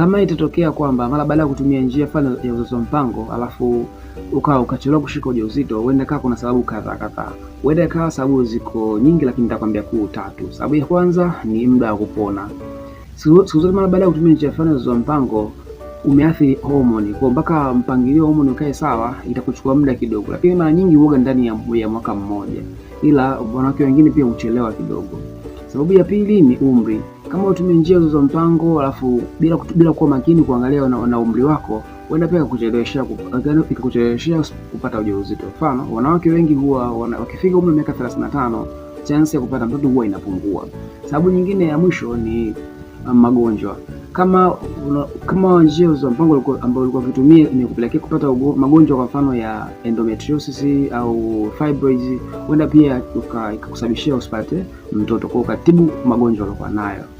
Kama itatokea kwamba mara baada ya kutumia njia fulani ya uzazi wa mpango alafu ukawa ukachelewa kushika ujauzito, huenda kaa kuna sababu kadhaa kadhaa, huenda ikawa sababu ziko nyingi, lakini nitakwambia kuu tatu. Sababu ya kwanza ni muda wa kupona. Siku zote mara baada ya kutumia njia fulani ya uzazi wa mpango umeathiri homoni kwa mpaka mpangilio homoni ukae sawa, itakuchukua muda kidogo, lakini mara nyingi huoga ndani ya, ya mwaka mmoja, ila wanawake wengine pia huchelewa kidogo. Sababu ya pili ni umri kama utumie njia hizo za mpango alafu bila bila kuwa makini kuangalia na, na umri wako huenda pia yaani ikakucheleweshea kupata ujauzito. Mfano, wanawake wengi huwa wana, wakifika umri wa miaka 35 chansi ya kupata mtoto huwa inapungua. Sababu nyingine ya mwisho ni um, magonjwa. Kama una, kama njia za mpango ambao ulikuwa ukitumia imekupelekea kupata ugo, magonjwa kwa mfano ya endometriosis au fibroids, huenda pia ikakusababishia usipate mtoto, kwa ukatibu magonjwa uliokuwa nayo.